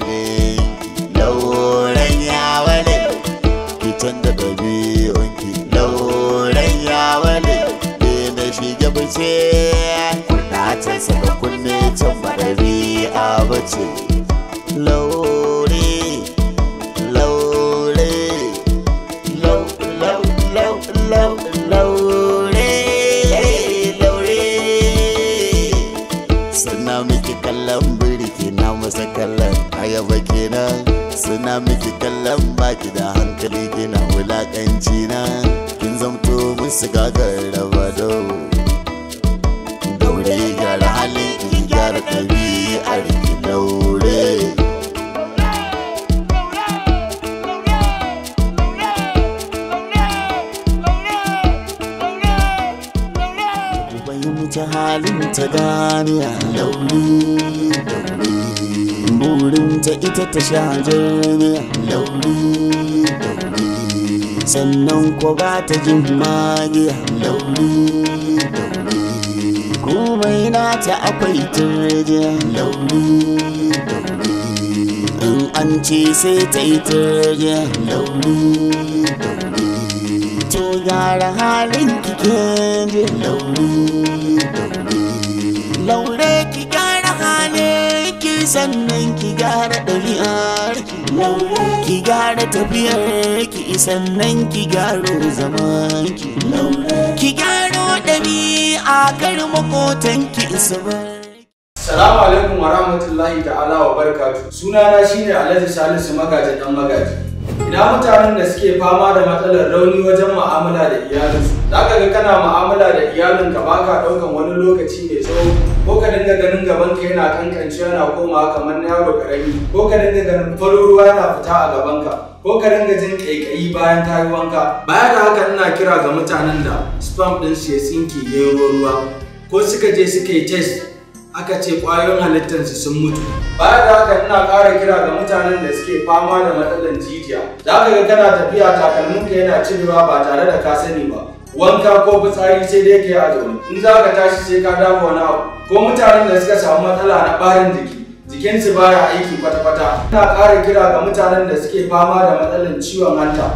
hali lauren ya wale ki canza ɗabi'unki lauren ya wale ne na shige bace na can saka kunne can ba ɗabi'a bace lauren na wulakanci na kin zamto musu siga raba dau daure gyara halin in gyara ɗabi'ar ki daure ta halin ta gane a lauri lauri burin ta ita ta sha a lauri sannan ko ba ta jin magiya lauri lauri komai na ta akwai turje lauri lauri in an ce sai ta yi turje lauri lauri to gara halin kike je lauri lauri laure ki gara halin ki sannan ki gara ɗabi'ar ki gyara tafiyar ki sannan ki gyaro zaman ki ki gyaro ɗabi'a kar makotan ki isa ba Salamu alaikum wa rahmatullahi ta'ala wa barakatu. Sunana shine Alhaji Salisu Magaji dan Ina mutanen da suke fama da matsalar rauni wajen mu'amala da iyalinsu. Zaka ga kana mu'amala da iyalinka baka ɗaukan wani lokaci mai tsawo ko ka dinga ganin gaban ka yana kankance yana komawa kamar na yaro karami ko ka dinga ganin farin yana fita a gaban ka ko ka dinga jin kaikayi bayan ka yi wanka baya da haka ina kira ga mutanen da spam din su ya tsinke ya ruwa ko suka je suka yi test aka ce ƙwayoyin halittarsu sun mutu. Baya da haka ina kara kira ga mutanen da suke fama da matsalar jijiya. Za ka ga kana tafiya takalminka yana cirewa ba tare da ka sani ba. wanka ko fitsari sai dai ka yi a zaune in za ka tashi sai ka dafa wani abu ko mutanen da suka samu matsala na barin jiki jikinsu baya aiki kwata-kwata ina ƙara kira ga mutanen da suke fama da matsalar ciwon hanta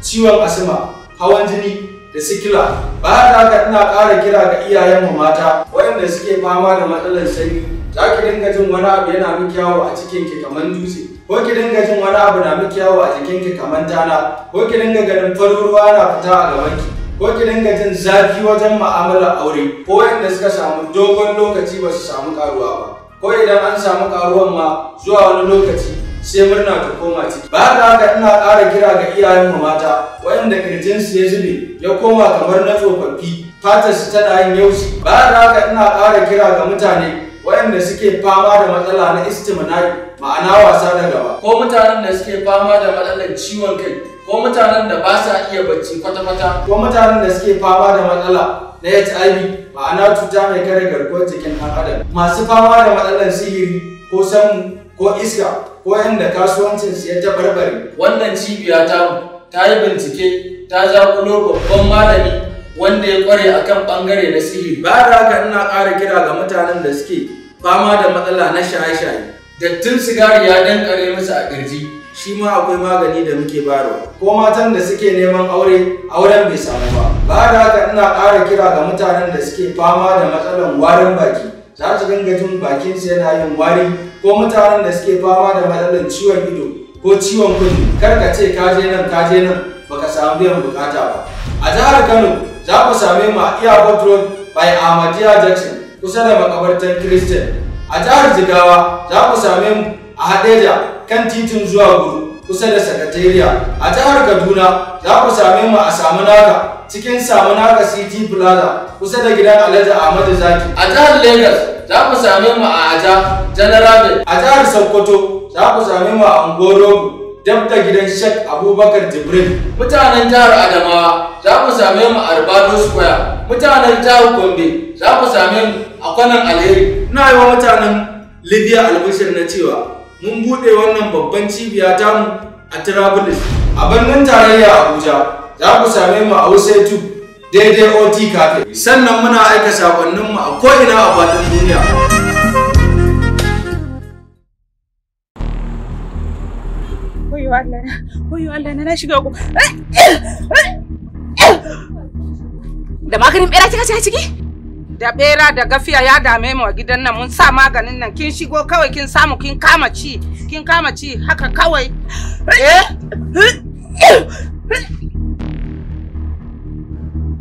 ciwon asma hawan jini da sikila da haka ina ƙara kira ga iyayenmu mata waɗanda suke fama da matsalar sanyi za ki dinga jin wani abu yana miki yawo a cikin kamar dutse ko ki dinga jin wani abu na miki yawo a jikinki ki kamar tana ko ki dinga ganin farin ruwa na fita a gaban ko ki dinga jin zafi wajen mu'amalar aure ko inda suka samu dogon lokaci ba su samu karuwa ba ko idan an samu karuwan ma zuwa wani lokaci sai murna ta koma ciki ba da haka ina ƙara kira ga iyayen mu mata waɗanda su ya zube ya koma kamar na tsofaffi fatar su tana yin yaushi ba da haka ina ƙara kira ga mutane waɗanda suke fama da matsala na istimnai ma'ana wasa da gaba ko mutanen da suke fama da matsalar ciwon kai ko mutanen da ba sa iya bacci kwata-kwata ko mutanen da suke fama da matsala na HIV ma'ana cuta mai kare garkuwar jikin ɗan adam masu fama da matsalar sihiri ko samu ko iska ko inda kasuwancin su ya tabarbare wannan cibiya ta ta yi bincike ta zakulo babban malami wanda ya kware kan ɓangare na sihiri ba da haka ina ƙara kira ga mutanen da suke fama da matsala na shaye-shaye dattin sigari ya dankare musu a ƙirji. shi ma akwai magani da muke bayarwa ko matan da suke neman aure auren bai samu ba ba da haka ina ƙara kira ga mutanen da suke fama da matsalar warin baki za su dinga jin bakinsu yana yin wari ko mutanen da suke fama da matsalar ciwon ido ko ciwon kudi kar ka ce ka je nan ka je nan baka samu biyan bukata ba a jihar Kano za ku same mu a Airport Road by Ahmadiyya Jackson kusa da makabartan Christian a jihar Jigawa za ku same mu a Hadeja kan titin zuwa gudu, kusa da sakatariya a jihar kaduna za ku same mu a samunaka cikin samunaka city plaza kusa da gidan alhaji ahmadu zaki a jihar lagos za ku same mu a aja general a jihar sokoto za ku same mu a angorogu dab da gidan shek abubakar jibril mutanen jihar adamawa za ku same mu a ribado square mutanen jihar gombe za ku same mu a kwanan alheri na yi wa mutanen libya albishir na cewa mun buɗe wannan babban cibiya tamu a Tirabulis. A birnin tarayya Abuja za ku same mu a Usaitu daidai OT Cafe. Sannan muna aika mu a ko'ina a fadin duniya. Oyo Allah na, Allah na na shiga ku. Eh, eh, eh. Da maganin ɓera kika ce ciki? da bera da gafiya ya dame mu a gidan nan mun sa maganin nan kin shigo kawai kin samu kin kama ci kin kama ci haka kawai eh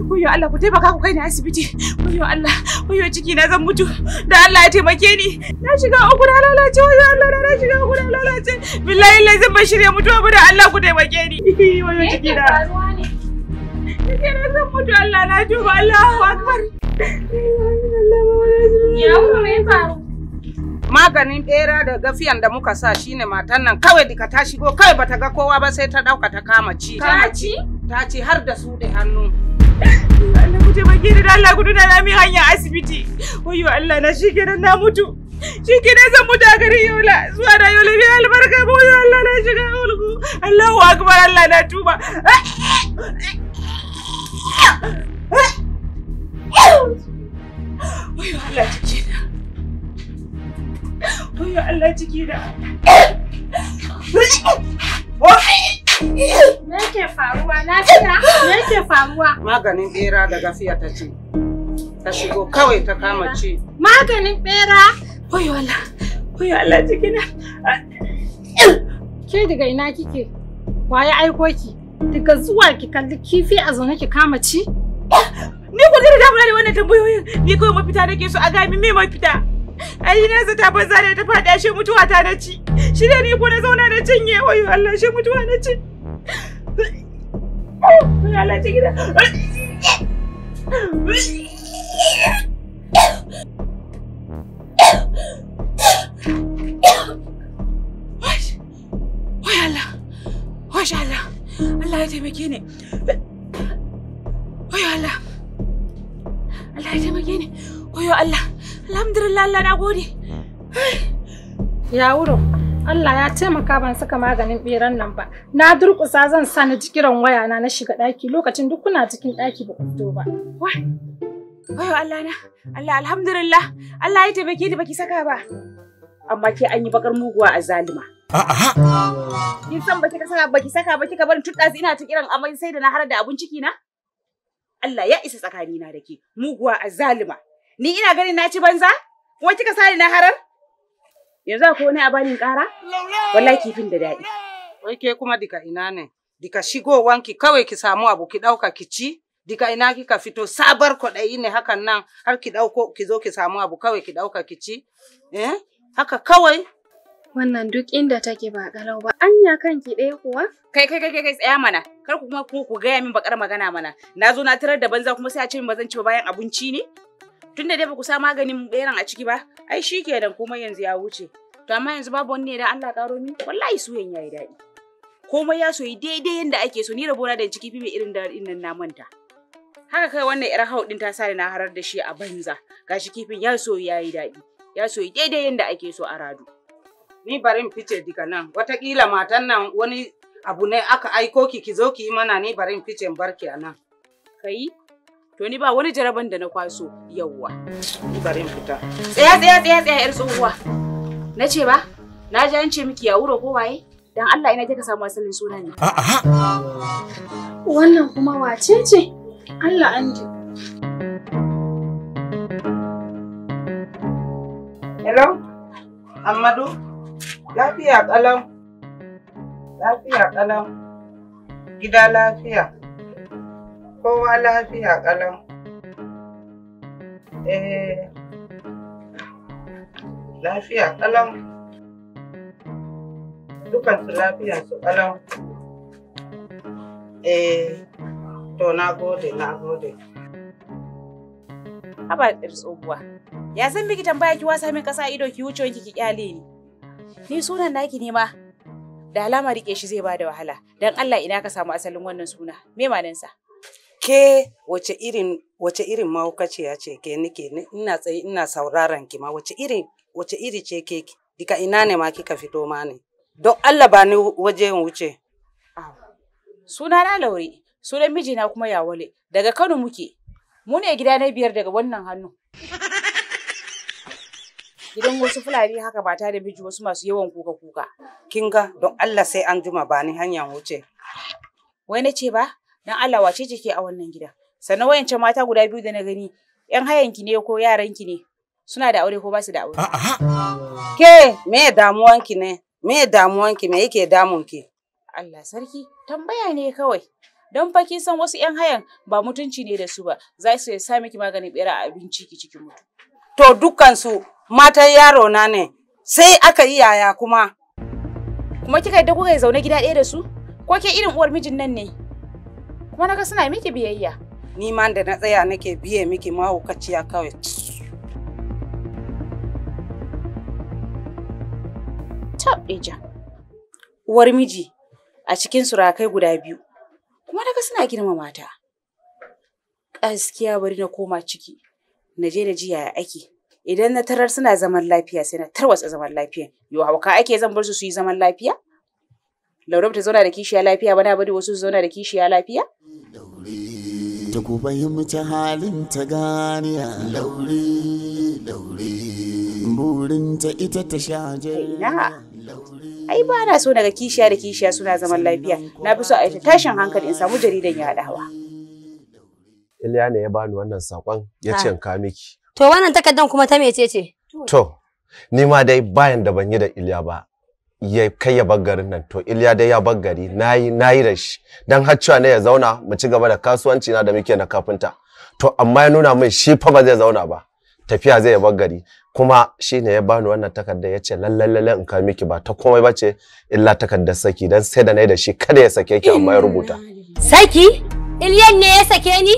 Kuyo Allah ku taimaka ku kai ni asibiti. Kuyo Allah, kuyo ciki na zan mutu. Da Allah ya taimake ni. Na shiga uku na lalace, kuyo Allah na shiga uku na lalace. Billahi lazim ban shirye mutuwa ba da Allah ku taimake ni. Kuyo ciki na. Allah na tuba faru. Maganin bera da gafiyan da muka sa shine matan nan kawai dika ta shigo kawai bata ga kowa ba sai ta ɗauka ta kama ci. Ta ci? Ta ci har da suɗe hannu. Allah kuje ba gidi da Allah ku nuna na mi hanya asibiti. Wayo Allah na shikenan na mutu. Shikenan zan muta gari Yola. Zuwa da Yola bi albarka. bo Allah na shiga ulgu. Allahu Akbar Allah na tuba. Wayo Allah ciki na. Wayo Allah ciki na. Me ke faruwa na lafiya? Me ke faruwa? Maganin bera da gafiya ta ce. Ta shigo kawai ta kama ci. Maganin bera? Wayo Allah. Wayo Allah ciki na. Ke daga ina kike? Waye aiko ki? Daga zuwa ki kalli kifi a zaune ki kama ci? Ni ku da damuna da wannan tambayoyin. Ni kawai mafita nake so a ga min me mafita. Ai na za ta banza da ta faɗi ashe mutuwa ta na ci. Shi ne ni ko na zauna na ye wayo Allah shi mutuwa na ci. Allah ci gida. taimake ni. Oyo Allah. Allah ya taimake ni. Oyo Allah. Alhamdulillah Allah na gode. Ya wuro. Allah ya taimaka ban saka maganin ɓeran nan ba. Na durƙusa zan sani na waya na na shiga ɗaki lokacin duk kuna cikin ɗaki ba ku fito ba. Wai. Oyo Allah na. Allah alhamdulillah. Allah ya taimake ni baki saka ba. amma ke an yi bakar muguwa a zalima. Kin san ba kika saka ba ki saka ba kika bar tudda ina ta kiran amma sai da na har da abun ciki na? Allah ya isa tsakani na da ke muguwa a zalima. Ni ina ganin na ci banza? Kuma kika sani na harar? Yanzu ne a bani kara? Wallahi kifin da dadi. Wai ke kuma dika ina ne? Dika shigowanki kawai ki samu abu ki ɗauka ki ci? dika ina kika fito sabar kwaɗayi ne hakan nan har ki ɗauko ki zo ki samu abu kawai ki ɗauka ki ci eh Haka kawai? Wannan duk inda take ba ƙalau ba, anya kanki ɗaya kuwa? Kai kai kai kai tsaya mana, kar ku kuma ku gaya min bakar magana mana. Na zo na tarar da banza kuma sai a ce min bazan ci bayan abinci ne? Tunda dai ba ku sa maganin beran a ciki ba, ai shi kenan komai yanzu ya wuce. To amma yanzu babu wani ne da Allah ƙaro min, wallahi suyan ya yi daɗi. Komai ya soyi daidai yanda ake so, ni rabona da ciki fi mai irin da nan na manta. haka kai wannan yar hau ta sani na harar da shi a banza gashi kifin ya yayi daɗi ya soyi daidai yadda ake so a radu. Ni bari in fice diga nan, watakila matan nan wani abu ne aka aiko ki ki zo ki yi mana ni bari in fice in barki a nan. Kai? To ni ba wani jaraban da na kwaso yawwa. Ni bari in fita. Tsaya tsaya tsaya tsaya yar tsohuwa. Na ce ba? Na ji an ce miki ya wuro ko waye? Dan Allah ina kika samu asalin suna ne. A'a. Wannan kuma wace ce? Allah an ji. Amadu, lafiya ƙalau. Lafiya ƙalau. Gida lafiya. Kowa lafiya ƙalau. Eh, lafiya ƙalau. Dukansu lafiya su ƙalau. Eh, to na gode, na gode. Haba tsohuwa. Ya san biki tambaya ki wasa min kasa ido ki wuce wanki ki kyale ni. Ni sunan naki ne ma. Da alama rike shi zai bada wahala. Dan Allah ina ka samu asalin wannan suna. Me manin sa? Ke wace irin wace irin mahaukaciya ce ke nike ina tsaye ina sauraron ki ma wace irin wace iri ce ke dika ina ne ma kika fito ma ne. Don Allah ba ni waje in wuce. Suna na Laure, sunan mijina kuma Yawale, daga Kano muke. Mu ne gida na biyar daga wannan hannu. gidan wasu fulani haka ba ta da miji wasu masu yawan kuka kuka kin ga don Allah sai an juma ba ni hanya wuce wai na ce ba dan Allah wace ce a wannan gida sannan wayance mata guda biyu da na gani yan hayanki ne ko yaranki ne suna da aure ko ba su da aure ke me damuwanki ne me damuwanki me yake damunki Allah sarki tambaya ne kawai don fa kin san wasu 'yan hayan ba mutunci ne da su ba za su sa miki maganin bera a abinci ki cikin mutu. To dukkansu matan yaro na ne sai aka yi yaya kuma kuma kika yadda kuka zaune gida ɗaya da su ko ke irin uwar mijin nan ne kuma naga suna miki biyayya ni ma da na tsaya nake biye miki mahaukaciya kawai tab ija uwar miji a cikin surakai guda biyu kuma naga suna girmama mata. gaskiya bari na koma ciki na je da ji yaya ake idan na tarar suna zaman lafiya sai na tarwatsa zaman lafiya yo hauka ake zan bar su su yi zaman lafiya laura ta zauna da kishiya lafiya ba bari wasu su zauna da kishiya lafiya ta ku fahimci halin ta ganiya laure laure burin ta ita ta shaje na ai ba na so daga kishiya da kishiya suna zaman lafiya na fi so a ita tashin hankali in samu jaridan yadawa Iliya ne ya bani wannan sakon ya ce in ka miki. To wannan takardar kuma ta mece ce? To, ni ma dai bayan da ban yi da Iliya ba, ya kai ya bar garin nan. To Iliya dai ya bar gari, nayi nayi da shi. Dan cewa ne ya zauna mu ci gaba da kasuwanci na da muke na kafinta. To amma ya nuna min shi fa ba zai zauna ba. Tafiya zai ya bar gari. Kuma shi ne ya bani wannan takardar ya ce lallai lallai in ka miki ba ta komai ba ce illa takardar saki dan sai da nayi da shi kada ya sake ki amma ya rubuta. Saki? Iliyan ne ya sake ni?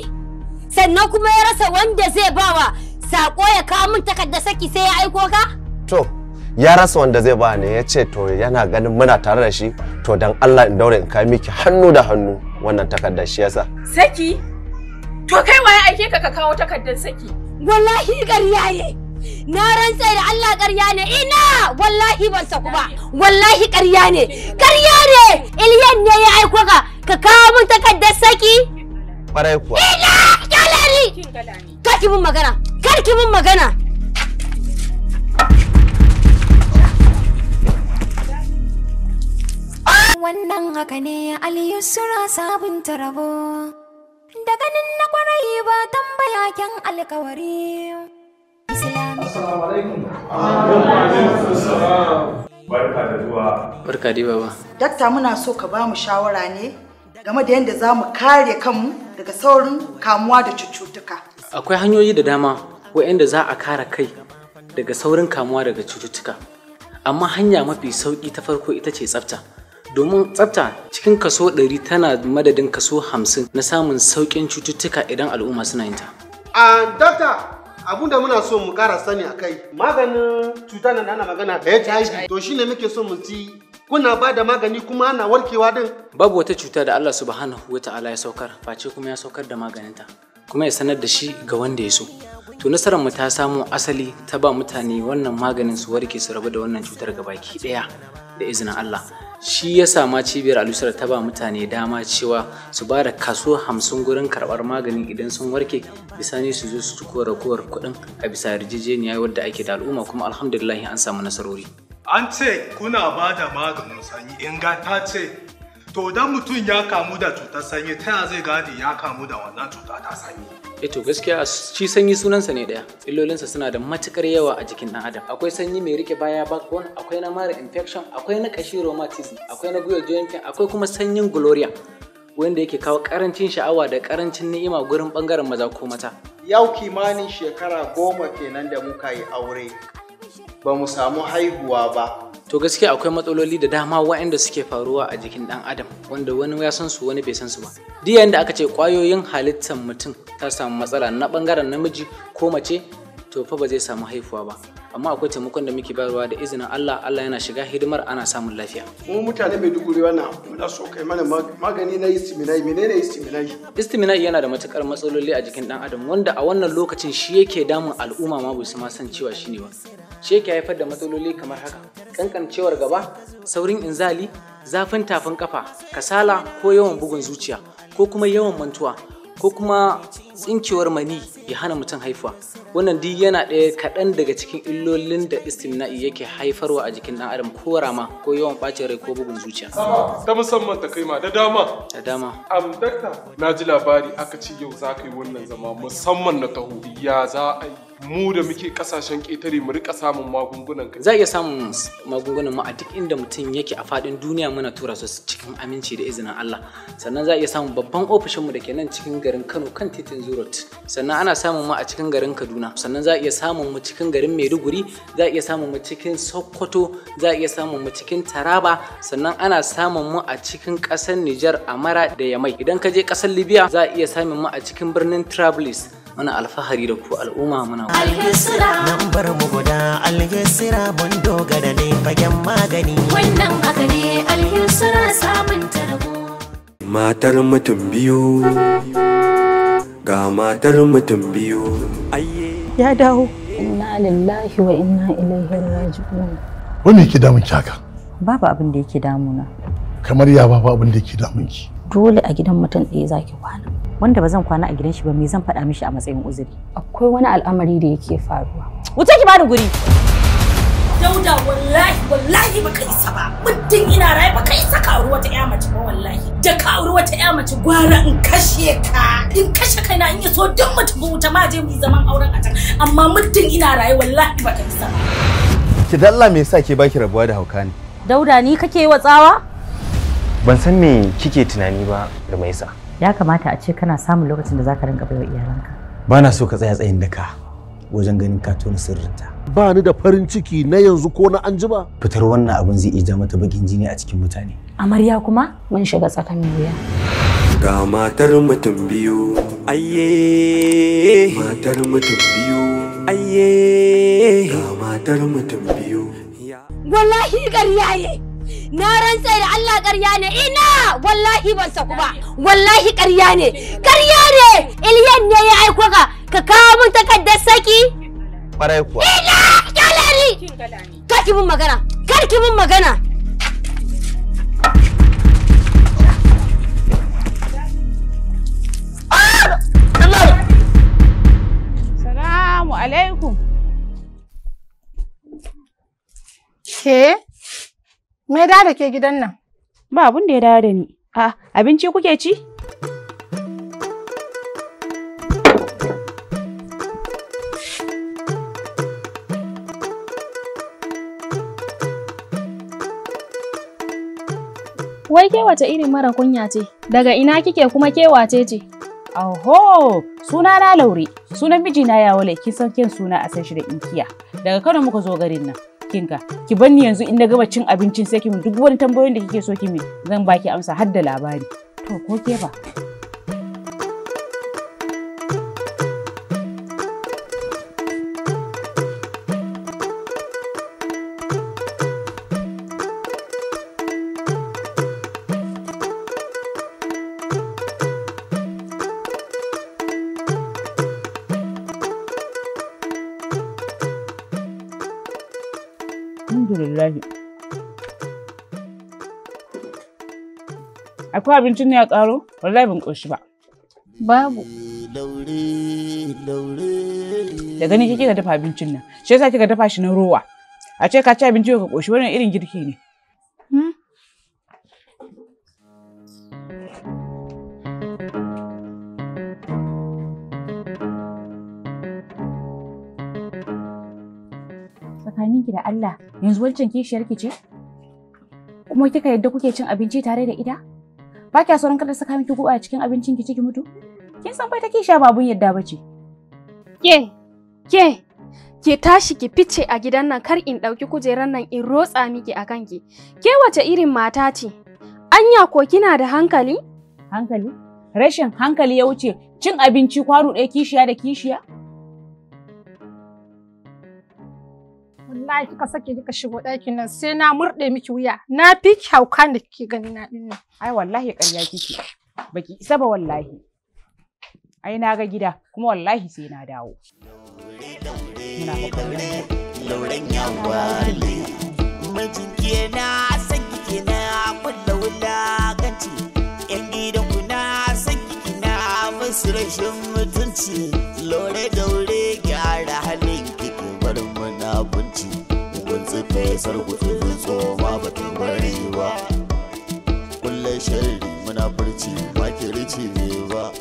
Sannan kuma ya rasa wanda zai bawa sako ya kawo min takarda saki sai ya aiko ka? To, ya rasa wanda zai ba ne ya ce to yana ganin muna tare da shi to dan Allah in daure in kai miki hannu da hannu wannan takarda shi yasa. Saki? To kai waye aike ka ka kawo takardar saki? Wallahi ƙarya ne. Na rantsa da Allah ƙarya ne ina wallahi ban saku ba wallahi ƙarya ne ƙarya ne Iliyan ne ya aiko ka ka kawo min takardar saki. Ƙwarai kuwa. Ina! Kyalari! Kaki mun magana. Kar mun magana. Wannan haka ne Aliyu Sura sabunta rabo. Da ganin na kwarai ba tambaya kyan alkawari. Assalamu alaikum. Barka da zuwa. Barka da baba. muna so ka ba mu shawara ne game da yadda za mu kare kanmu daga saurin kamuwa da cututtuka. akwai hanyoyi da dama waɗanda za a kare kai daga saurin kamuwa daga cututtuka amma hanya mafi sauƙi ta farko ita ce tsafta domin tsafta cikin kaso 100 tana madadin kaso 50 na samun sauƙin cututtuka idan al'umma suna yin ta a dakta abun da muna so mu ƙara sani a kai maganin cuta nan ana magana da hiv to shi ne muke so mu ci kuna ba da magani kuma ana warkewa din babu wata cuta da Allah subhanahu wa ta'ala ya saukar face kuma ya saukar da maganinta kuma ya sanar da shi ga wanda ya so to nasarar mu ta samu asali ta ba mutane wannan maganin su warke su rabu da wannan cutar gabaki daya da izinin Allah shi ya ma cibiyar alusar ta ba mutane dama cewa su ba da kaso hamsin gurin karɓar magani idan sun warke bisani su zo su ci ragowar kuɗin a bisa yarjejeniya wadda ake da al'umma kuma alhamdulillah an samu nasarori an ce kuna ba da maganin sanyi in ga ta ce to idan mutum ya kamu da cutar sanyi ta yaya zai gane ya kamu da wannan cuta ta sanyi e to gaskiya shi sanyi sunansa ne daya illolinsa suna da matukar yawa a jikin dan adam akwai sanyi mai rike baya backbone akwai na mara infection akwai na kashi rheumatism akwai na guyo joint akwai kuma sanyin gloria wanda yake kawo karancin sha'awa da karancin ni'ima gurin bangaren maza ko mata yau kimanin shekara goma kenan da muka yi aure ba mu samu haihuwa ba to gaskiya akwai matsaloli da dama waɗanda suke faruwa a jikin ɗan adam wanda wani ya san su wani bai san su ba duk yayin da aka ce kwayoyin halittar mutum ta samu matsala na bangaren namiji ko mace to fa ba zai samu haifuwa ba amma akwai taimakon da muke bayarwa da izinin Allah Allah yana shiga hidimar ana samun lafiya mu mutane mai duguri wannan muna so kai mana magani na istiminai menene istiminai istiminai yana da matukar matsaloli a jikin dan adam wanda a wannan lokacin shi yake damun al'umma ma su ma san cewa shine ba ce ki haifar da matsaloli kamar haka kankancewar gaba saurin inzali zafin tafin kafa kasala ko yawan bugun zuciya ko kuma yawan mantuwa ko kuma tsinkewar mani ya hana mutum haifuwa wannan duk yana ɗaya kaɗan daga cikin illolin da istimna'i yake haifarwa a jikin ɗan adam ko rama ko yawan ɓacin rai ko bugun zuciya ta musamman ta kaima da dama da dama am dakta na ji labari aka ce yau za ka yi wannan zama musamman na taho ya za a yi mu da muke kasashen ƙetare mu rika samun magungunan ka. Za a iya samun magungunan mu a duk inda mutum yake a faɗin duniya muna tura su cikin aminci da izinin Allah. Sannan za a iya samun babban ofishin mu da ke nan cikin garin Kano kan titin Road sannan ana samun mu a cikin garin Kaduna sannan za a iya samun mu cikin garin Maiduguri za a iya samun mu cikin Sokoto za a iya samun mu cikin Taraba sannan ana samun mu a cikin ƙasar Nijar Amara da Yamai idan ka je ƙasar Libya za a iya samun mu a cikin birnin Trablis muna alfahari da ku al'umma muna nan bar mu guda alhisira mun dogara ne fagen magani wannan haka ne alhisira samun tarbo matar mutum biyu ga matar mutum biyu ya dawo inna lillahi wa inna ilaihi raji'un Wani yake damun ki haka babu abin da yake damuna kamar ya babu abin da yake damun ki dole a gidan mutum ɗaya zaki kwana wanda ba zan kwana a gidan shi ba me zan faɗa mishi a matsayin uzuri akwai wani al'amari da yake faruwa wuce ki bani guri dauda wallahi wallahi baka isa ba muddin ina rai baka isa ka auri wata ƴa mace ba wallahi da ka auri wata ƴa mace gwara in kashe ka in kashe kai na in yi so duk mutum wuta ma je mu zaman auren a can amma muddin ina rai wallahi baka isa ba ki dalla me yasa ke baki rabuwa da hauka ne dauda ni kake wa tsawa ban san me kike tunani ba sa. ya kamata a ce kana samun lokacin da zaka rinka baiwa iyalanka bana so ka tsaya tsayin daka wajen ganin ka tona sirrinta ba ni da farin ciki na yanzu ko na anjima fitar wannan abin zai iya mata bakin jini a cikin mutane amarya kuma mun shiga tsakanin wuya ga matar mutum biyu ayye matar mutum biyu ayye ga matar mutum biyu wallahi ƙarya ne na rantse da Allah ƙarya ne ina wallahi ban saku ba wallahi ƙarya ne ƙarya ne iliyan ne ya aiko ka ka kawo mun takardar saki kwarai kuwa. Ina! Galari! Kar ki mun magana! Kar ki mun magana! Salamu alaikum. Ke? Me da da ke gidan nan? Ba abin da ya dawo da ni. A ah, abinci kuke ci? Wai ke wace irin mara kunya ce? Daga ina kike kuma kewace ce? Aho, suna na Laure, sunan mijina ya wale, kin san kin suna a san shi da inkiya. Daga Kano muka zo garin nan. Kinka, ki banni yanzu in na gama cin abincin sai ki duk wani tambayoyin da kike so ki mi zan baki amsa har da labari. To ko ke ba? alhamdulillahi akwai abincin ne a ƙaro wallahi ban ƙoshi ba babu da gani kike ka dafa abincin nan shi yasa kika dafa shi na rowa a ce ka ci abinci ka ƙoshi wannan irin girki ne hmm? tsakaninki da Allah yanzu wancan kishiyar ki ce kuma kika yadda kuke cin abinci tare da ita ba kya sauran kada saka miki guba a cikin abincin ki ciki mutu kin san fa ta kisha ba yadda bace ke ke ke tashi ki fice a gidan nan kar in ɗauki kujerar nan in rotsa miki a kanki. Ke wace irin mata ce? Anya ko kina da hankali? Hankali? Rashin hankali ya wuce cin abinci kwano ɗaya kishiya da kishiya? wallahi ka sake kika shigo ɗakin nan sai na murɗe miki wuya na fi ki hauka da kike gani na ɗin nan ai wallahi ƙarya kike baki isa ba wallahi ai na ga gida kuma wallahi sai na dawo muna lauren yawale mijin san kike na kulla gidan ku na san kike na musu rashin mutunci daure abinci kun suka yi sarkuta da tsoma ba ta bari ba kullum sharri muna furci ba ke rici ne ba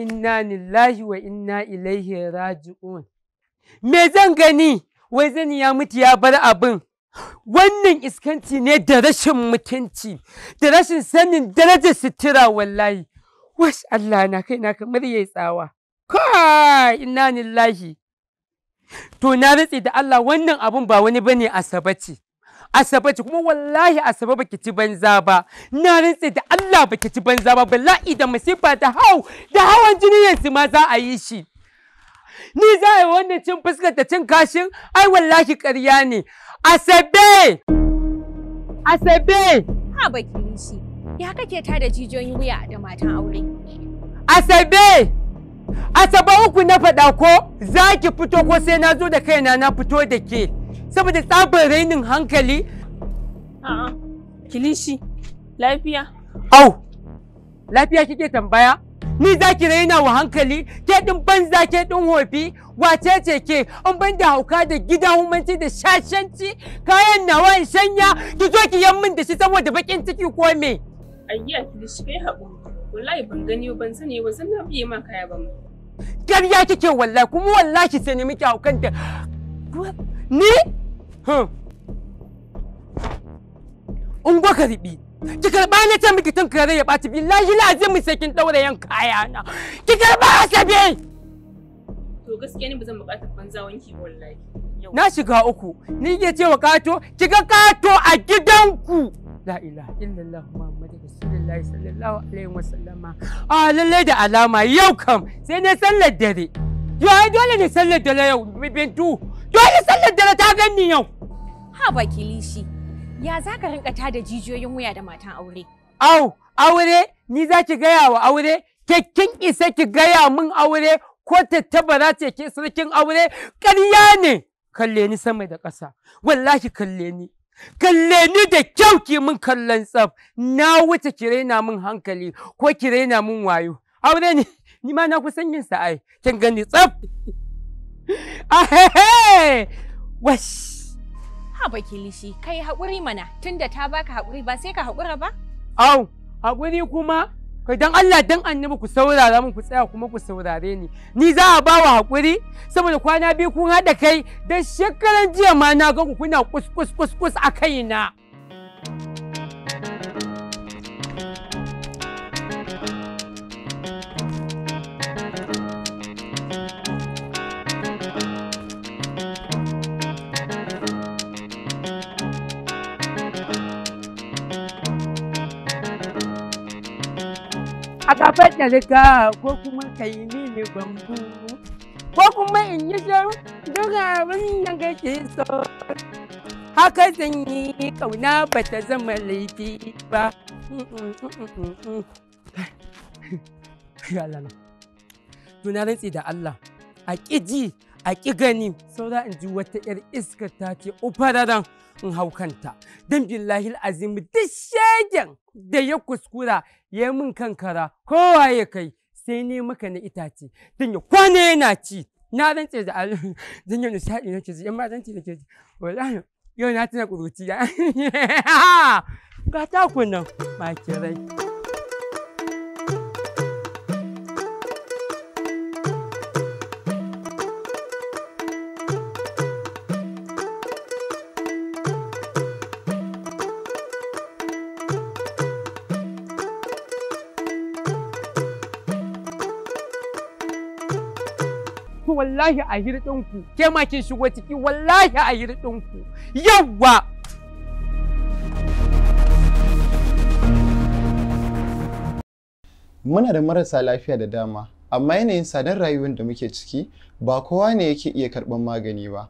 inna lillahi wa inna ilaihi raji'un me zan gani wai zan ya mutu ya bar abin wannan iskanci ne da rashin mutunci da rashin sanin darajar sutura wallahi wasu Allah na kai na kamar yayi tsawa kai inna lillahi to na ratse da Allah wannan abun ba wani bane asabaci asabaci kuma wallahi asaba baki ci banza ba na ratse da Allah baki ci banza ba bala'i da masifa da hau da hawan jini yanzu ma za a yi shi ni za a yi wannan cin fuskar da cin kashin ai wallahi ƙarya ne asabe asabe ha baki shi ya kake tada jijiyoyin wuya da matan aure asabe Asaba uku na faɗa ko za ki fito ko sai na zo da kaina na fito da ke saboda tsabar rainin hankali. A'a, kilishi, lafiya. Au, lafiya kike tambaya? Ni za ki raina wa hankali, ke ɗin banza ke ɗin hofi, wace ce ke, an ban da hauka da gida humanci da shashanci, kayan nawa in shanya, ki zo ki yammin min da shi saboda bakin ciki ko me? Ayya, kilishi kai haƙuri. wallahi ban gani ban sani ba san na biye ma kaya ba mu ƙarya kike wallahi kuma wallahi sai ne muke haukan ta ni ungwa ka ribi ki karba ne ta miki tun kare ya ɓaci billahi lazimi sai kin daura yan kaya na ki karba asabe to gaskiya ne ba zan buƙatar banza wanki wallahi na shiga uku ni ke cewa kato kiga kato a gidanku la ilaha illallah muhammadu rasulullahi sallallahu alaihi wasallama a lallai da alama yau kam sai ne sallar dare yau dole ne sallar dare yau bintu dole sallar dare ta ganni yau ha ba kilishi ya za ka rinka ta da jijiyoyin wuya da matan aure au aure ni za ki gaya wa aure kyakkyan isa ki gaya min aure ko za ta ke sarkin aure ƙarya ne kalle ni sama da ƙasa wallahi kalle ni kalle ni da kyau ki min kallon tsaf na wuce ki raina min hankali ko ki raina min wayo aure ne ni ma na kusan yin sa ai kin gani tsaf ah, he wash ha ba kilishi kai hakuri mana tunda ta baka hakuri, ba sai ka hakura ba au Hakuri kuma kai dan Allah dan annabi ku saurara mun ku tsaya kuma ku saurare ni ni za a ba wa hakuri saboda kwana biyu kun haɗa kai dan shekaran jiya ma na ga ku kuna kus kus kus kus a kaina. a kafar da riga ko kuma ka yi mini bambu ko kuma in yi duk abin da kake so haka zan yi ƙauna ba ta zama laifi ba Tuna rantsi da Allah a ƙi ji a ƙi gani saura in ji wata 'yar iskar ta ce ufararan in hau kanta don billahi azimi duk shegen da ya kuskura ya yi min kankara, kowa ya kai sai ne maka na itace don ya kwana yana ci na rantse da alu don yau na nake ji yamma rantse ke ji wallahi yau na tuna ƙuruciya ga takunan makirai. wallahi a hirɗinku ke ma kin shigo ciki wallahi a hirɗinku yawwa muna da marasa lafiya da dama amma yanayin sadar rayuwar da muke ciki ba kowa ne yake iya karɓar magani ba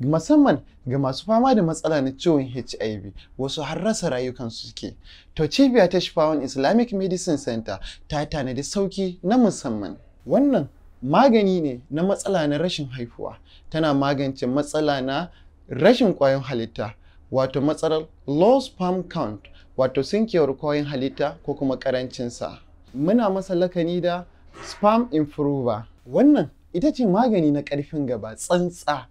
musamman ga masu fama da matsala na ciwon HIV wasu har rasa rayukansu suke. To cibiya ta Shifawan Islamic Medicine Center ta tanadi sauki na musamman. Wannan magani ne na matsala na rashin haihuwa tana magance matsala na rashin kwayoyin halitta wato matsalar low sperm count wato sinkewar kwayoyin halitta ko kuma karancinsa muna masa lakani da sperm improver wannan ita ce magani na karfin gaba tsantsa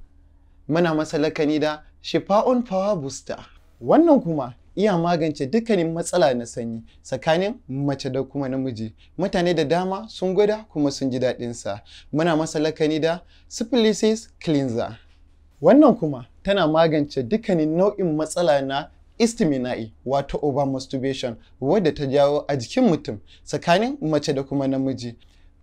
muna masa lakani da shifa'un power booster wannan kuma iya magance dukkanin matsala na sanyi tsakanin mace da kuma namiji mutane da dama sun gwada kuma sun ji daɗin sa. muna masa lakani da syphilis cleanser wannan kuma tana magance dukkanin nau'in matsala na istimina'i wato over masturbation wadda ta jawo a jikin mutum tsakanin mace da kuma namiji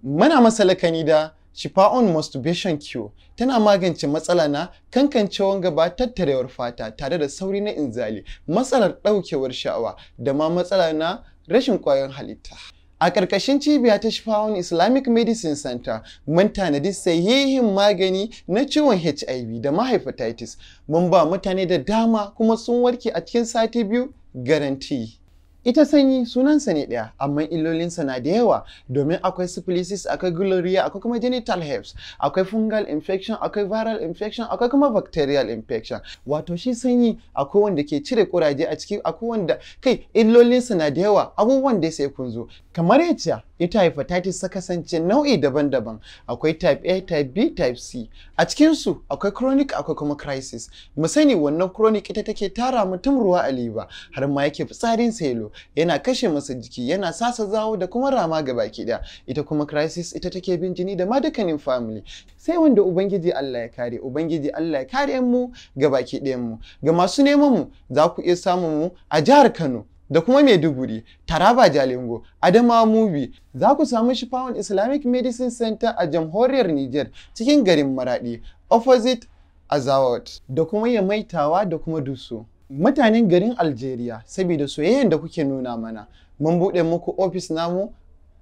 muna masa lakani da on Masturbation Cure tana magance matsala na kankancewar gaba tattarewar fata tare da sauri na inzali, matsalar ɗaukewar sha'awa da ma matsala na rashin ƙwayoyin halitta. A ƙarƙashin cibiya ta on Islamic Medicine Center, mun tanadi sahihin magani na ciwon HIV da ma hepatitis. Mun ba mutane da dama kuma sun warke a cikin sati biyu garanti. Ita sanyi sunansa ne ɗaya, amma illolinsa na da yawa domin akwai syphilis, akwai gonorrhea, akwai kuma genital herpes, akwai fungal infection, akwai viral infection, akwai kuma bacterial infection. Wato shi sanyi akwai wanda ke cire kuraje a ciki, akwai wanda kai illolinsa na da yawa abubuwan da sai kun zo. Kamar yadda ita hepatitis ta kasance nau'i daban-daban akwai type A, type B, type C. A cikinsu akwai chronic akwai kuma crisis. Mu sani wannan chronic ita take tara mutum ruwa a liba har ma yake fitsarin selo yana kashe masa jiki yana sasa zawo da kuma rama ga baki ɗaya. Ita kuma crisis ita take bin jini da madakanin family. Sai wanda Ubangiji Allah ya kare, Ubangiji Allah ya kare mu ga baki ɗayan mu. Ga masu neman mu za ku iya samun mu a jihar Kano. da kuma Maiduguri, Taraba Jalingo, Adama Mubi za ku samu Shifawun Islamic Medicine Center a jamhuriyar Niger cikin garin Maradi, opposite Azawad, da kuma Yamaitawa da kuma Dusu. Mutanen garin Algeria, saboda soyayyen da kuke nuna mana, mun buɗe muku ofis namu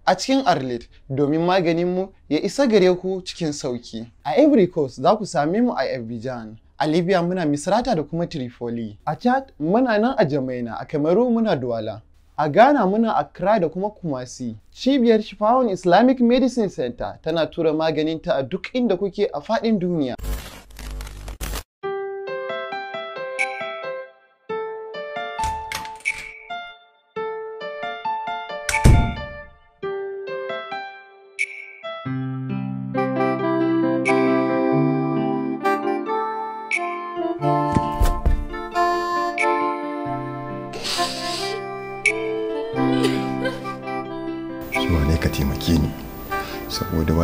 a cikin Arlit domin maganinmu ya isa gare ku cikin sauki. A Ivory Coast za ku same mu a Abidjan. a libya muna misrata da kuma tripoli a chad muna nan a jamaina a cameroon muna duala a ghana muna accra da kuma kumasi cibiyar Shifawan islamic medicine center tana tura maganinta a duk inda kuke a faɗin duniya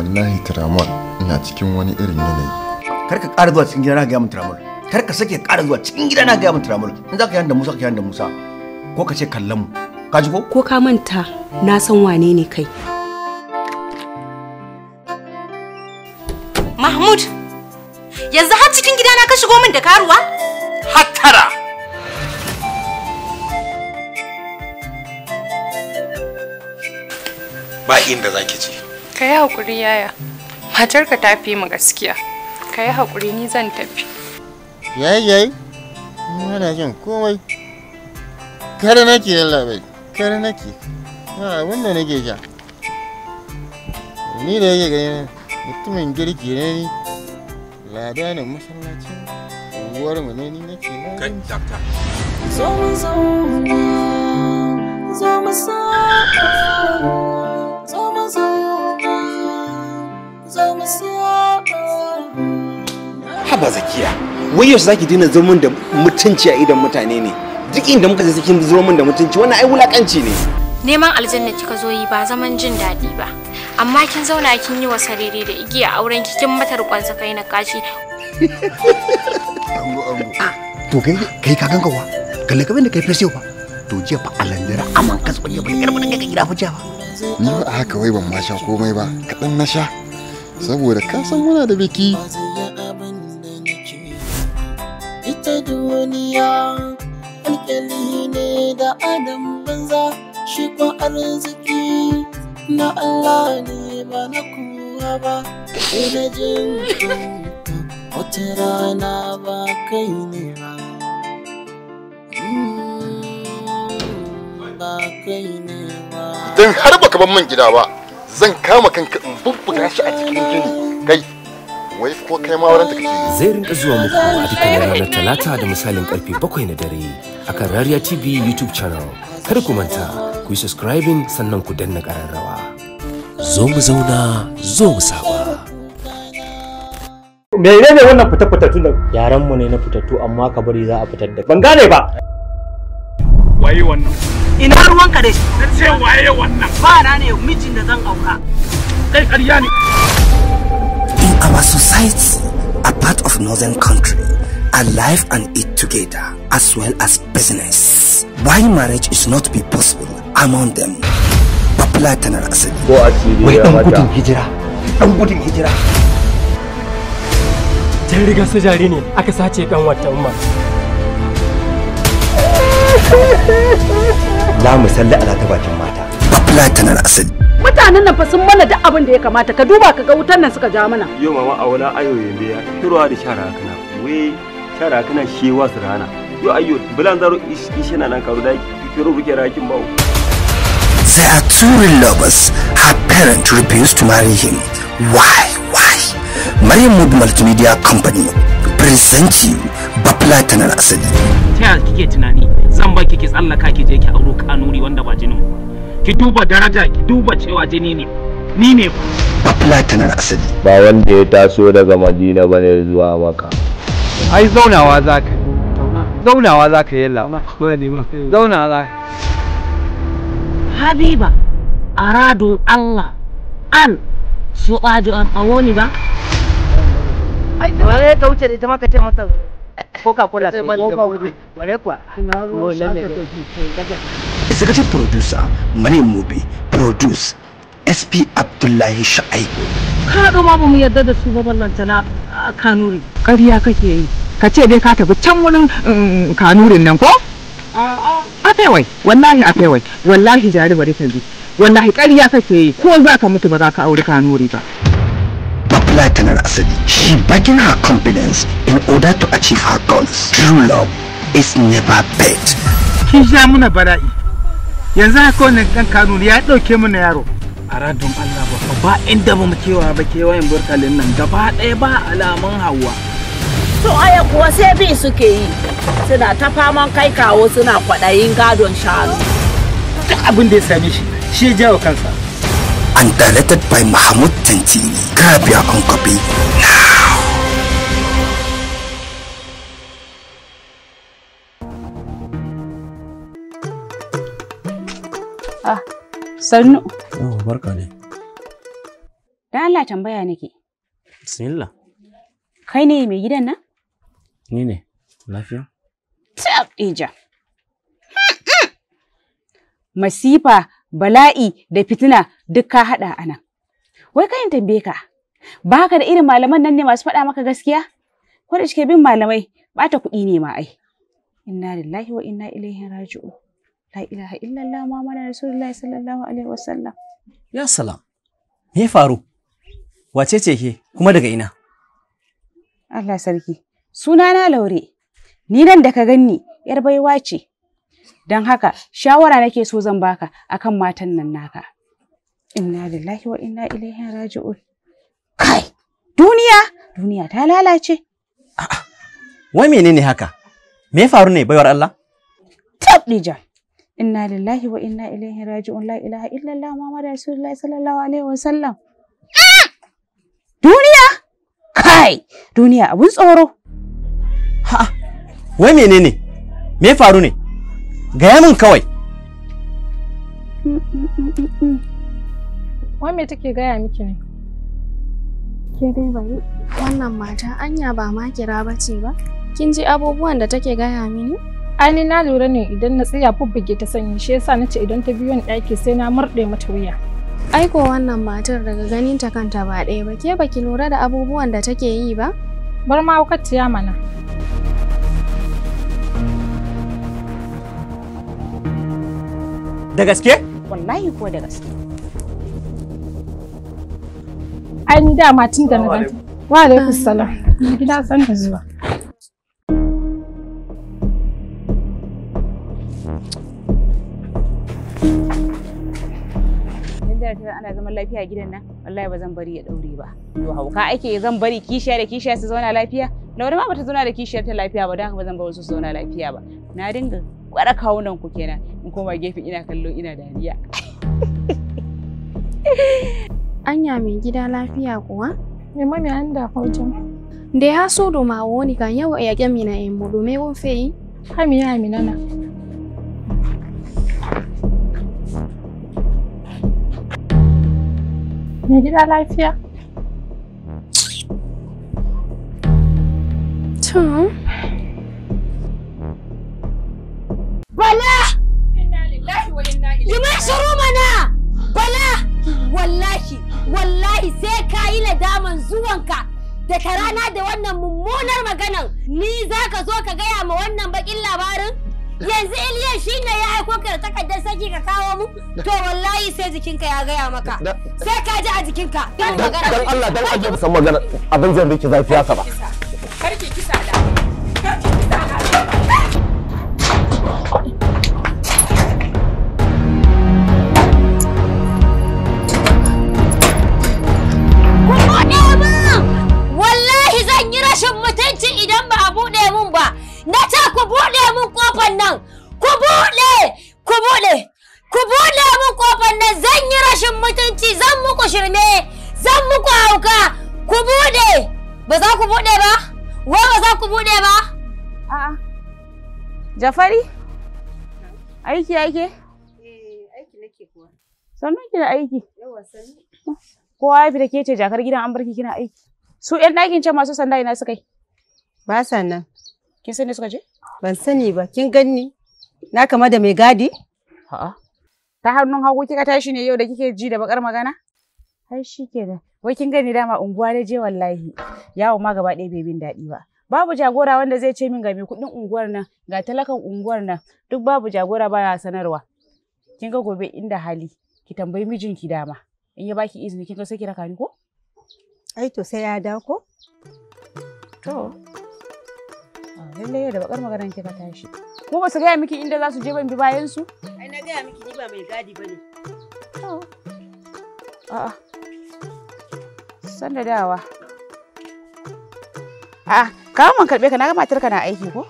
wallahi tiramol ina cikin wani irin yanayi kar ka ƙara zuwa cikin gida na gaya mun tiramol kar ka sake ƙara zuwa cikin gida na gaya mun tiramol in za ka yi da musa ka yi da musa ko ka ce kallon mu ka ji ko ko ka manta na san wane ne kai mahmud yanzu har cikin gida na ka shigo min da karuwa hattara ba inda zaki je ka yi haƙuri yaya matarka ta fi mu gaskiya ka yi haƙuri ni zan tafi yayi yayi na jin komai kare nake bai kare nake ba abin wannan nake ja ni da yake gani mutumin girki ne ni lada ne masallacin uwar mu ne ni nake na kai dakta zo zo gaskiya wai yaushe zaki dina zurmin da mutunci a idan mutane ne duk inda muka je cikin zurmin da mutunci wannan ai wulakanci ne neman aljanna kika zo yi ba zaman jin daɗi ba amma kin zauna kin yi wa da igiya auren ki kin matar kwansa kai na kashi ango ango ah, to kai kai ka ganka wa kalle ka da kai fesiyo ba to jiya fa alandira aman ka tsoye ba kar mun ga gida fa ba ni ba haka wai ban ma sha komai ba kadan na sha saboda ka san muna da biki duniya alƙali ne da adam banza shi kwa arziki na Allah ne ba na kowa ba ina jin wata rana ba kai ne ba hmm, ba kai ne ba don har baka ban man gida ba zan kama kanka in bubbuga shi a cikin gini kai wai ko kai ma wurin take zai rinka zuwa muku a dukkan ranar talata da misalin karfe 7 na dare a akan Rariya TV YouTube channel kada ku manta ku yi subscribing sannan ku danna kararrawa zo mu zauna zo mu saba ne wannan fita-fitatu nan yaran mu ne na fitattu amma ka bari za a fitar da ban gane ba waye wannan ina ruwanka da shi na ce waye wannan ba na ne mijin da zan auka kai ƙarya ne Our societies are part of northern country alive live and eat together as well as business. Why marriage is not be possible among them. Popular tanar asali. Wai ɗan gudun hijira. Ɗan putting hijira. Jan riga su jari ne aka sace kan wata umma. La musalli ala ta bakin mata. Popular tanar asali. mutanen nan fa sun mana duk abin da ya kamata ka duba ka ga wutan nan suka ja mana yo mama a wani ayo yende ya kirwa da shara kana we shara kana shewa su rana yo ayo bulan zaro na nan karu da kiro buke rakin bawo There are two real lovers. Her parent refused to marry him. Why? Why? Maryam mud Multimedia Company present you Bapla Tanar Asali. Ta kike tunani zan baki ki tsallaka ki je ki auro kanuri wanda ba jinin mu ki duba daraja ki duba cewa jini ne ni ne bafulatanar asali ba wanda ya taso daga madina ba ne zuwa maka ai zaunawa za ka zaunawa za ka yalla zaunawa za ka habiba aradun allah an su ƙwado an awoni ba ai da ta wuce da ita ma ka ce mata coca cola coca cola kuwa executive producer mani mubi produce sp abdullahi ka kaɗo ma bamu yadda da su ballanta tana kanuri ƙarya kake yi ka ce dai ka tafi can wurin mm, kanurin nan ko a fewai wallahi a fewai wallahi jari bari ka bi wallahi ƙarya kake yi ko za ka mutu ba za ka auri kanuri ba Platinum Asadi. She bakin her confidence in order to achieve her goals. True love is never bet. Kin sha muna bara'i. yanzu haka wannan dan kanuri ya dauke mana yaro a radon Allah ba fa ba inda ba mu kewa ba kewayen burkalin nan gaba ɗaya ba alamun hawa to aya kuwa sai bi suke yi suna ta faman kai kawo suna kwaɗayin gadon shanu duk abin da ya same shi shi ya jawo kansa and directed by biya Tantini Kabia na. Sannu. Yawwa barka ne. Dan Allah tambaya nake. Bismillah. Kai ne mai gidan nan? Ni ne. Lafiya? Tabdija. Masifa, bala'i da fitina duk ka haɗa a nan. Wai kayan tambaye ka, ba ka da irin malaman nan ne masu faɗa maka gaskiya? Ko da bin malamai, ɓata kuɗi ne ma ai. Inna lillahi wa inna ilaihi raji'un. la ilaha illallah muhammadu rasulullahi sallallahu alaihi wasallam ya salam me faru wace ce ke kuma daga ina Allah sarki Suna na, laure ni nan da ka ganni yar baiwa ce don haka shawara nake so zan baka akan matan nan naka inna lillahi wa inna ilaihi raji'un kai duniya duniya ta lalace a'a wai menene haka me faru ne baiwar Allah tabdija inna lillahi wa inna ilaihi raji'un la ilaha illallah muhammad rasulullahi sallallahu alaihi sallam duniya kai duniya abun tsoro ha wai menene me faru ne gaya min kawai wai me take gaya miki ne ke dai bai wannan mata anya ba ma kira bace ba kin ji abubuwan da take gaya mini Ani na lura ne idan na tsaya bubbuge ta sanyi shi yasa na ce idan ta biyo ni ɗaki sai na murɗe mata wuya. Aiko wannan matar daga ganin ta kanta ba ɗaya ba ke baki lura da abubuwan da take yi ba? Bar ma wukacciya mana. Da gaske? Wallahi ko da gaske. Ai ni dama da na ganta. Wa alaikum salam. Gida san da zuwa. lafiya ta ana zaman lafiya a gidan nan wallahi ba zan bari ya daure ba to hauka ake zan bari kishiya da kishiya su zauna lafiya na wani ma bata zauna da kishiyar ta lafiya ba don haka ba zan bari su zauna lafiya ba na dinga kwara kawunan ku kenan in koma gefe ina kallo ina dariya anya mai gida lafiya kuwa me mami an da faucin da ya so do ma woni kan yawa ya na yin mu, do me won yi. hami ya mi nana Me gida lafiya? To. Bala! Yi mai shiru mana! Bala! Wallahi, wallahi sai ka yi nadaman zuwanka ka rana da wannan mummunar maganan ni za ka zo ka gaya ma wannan bakin labarin? yanzu Iliya shi ne ya aiko ka da takardar saki ka kawo mu to wallahi sai jikinka ya gaya maka sai ka a jikinka dan Allah dan Allah magana abin zai rike zafi haka ba aiki yake? Eh, aiki nake kuwa. Sannan ki da aiki. Yawa sanni. Kowa ya fita ke ce jakar gidan an barki kina aiki. Su ƴan ɗakin can masu sanda ina suka yi? Ba sa nan. Kin sani suka je? Ban sani ba, kin ganni. Na kama da mai gadi? A'a. Ta hannun hagu kika tashi ne yau da kike ji da bakar magana? Ai shi kenan. Wai kin gani dama unguwa na je wallahi. Yawo ma gaba ɗaya bai bin daɗi ba. babu jagora wanda zai ce min ga mai kuɗin unguwar nan ga talakan unguwar nan duk babu jagora baya sanarwa kin ga gobe inda hali ki tambayi mijinki dama in ya baki izini kin ga sai ki raka ni ko ai to sai ya dawo ko to ah, lallai da bakar maganar kika tashi ko ba su gaya miki inda za su je ban bi bayan su ai na gaya miki ni ba mai gadi bane to a'a san da dawa a'a ah. Ka mun karbe ka na ga ka na aiki ko?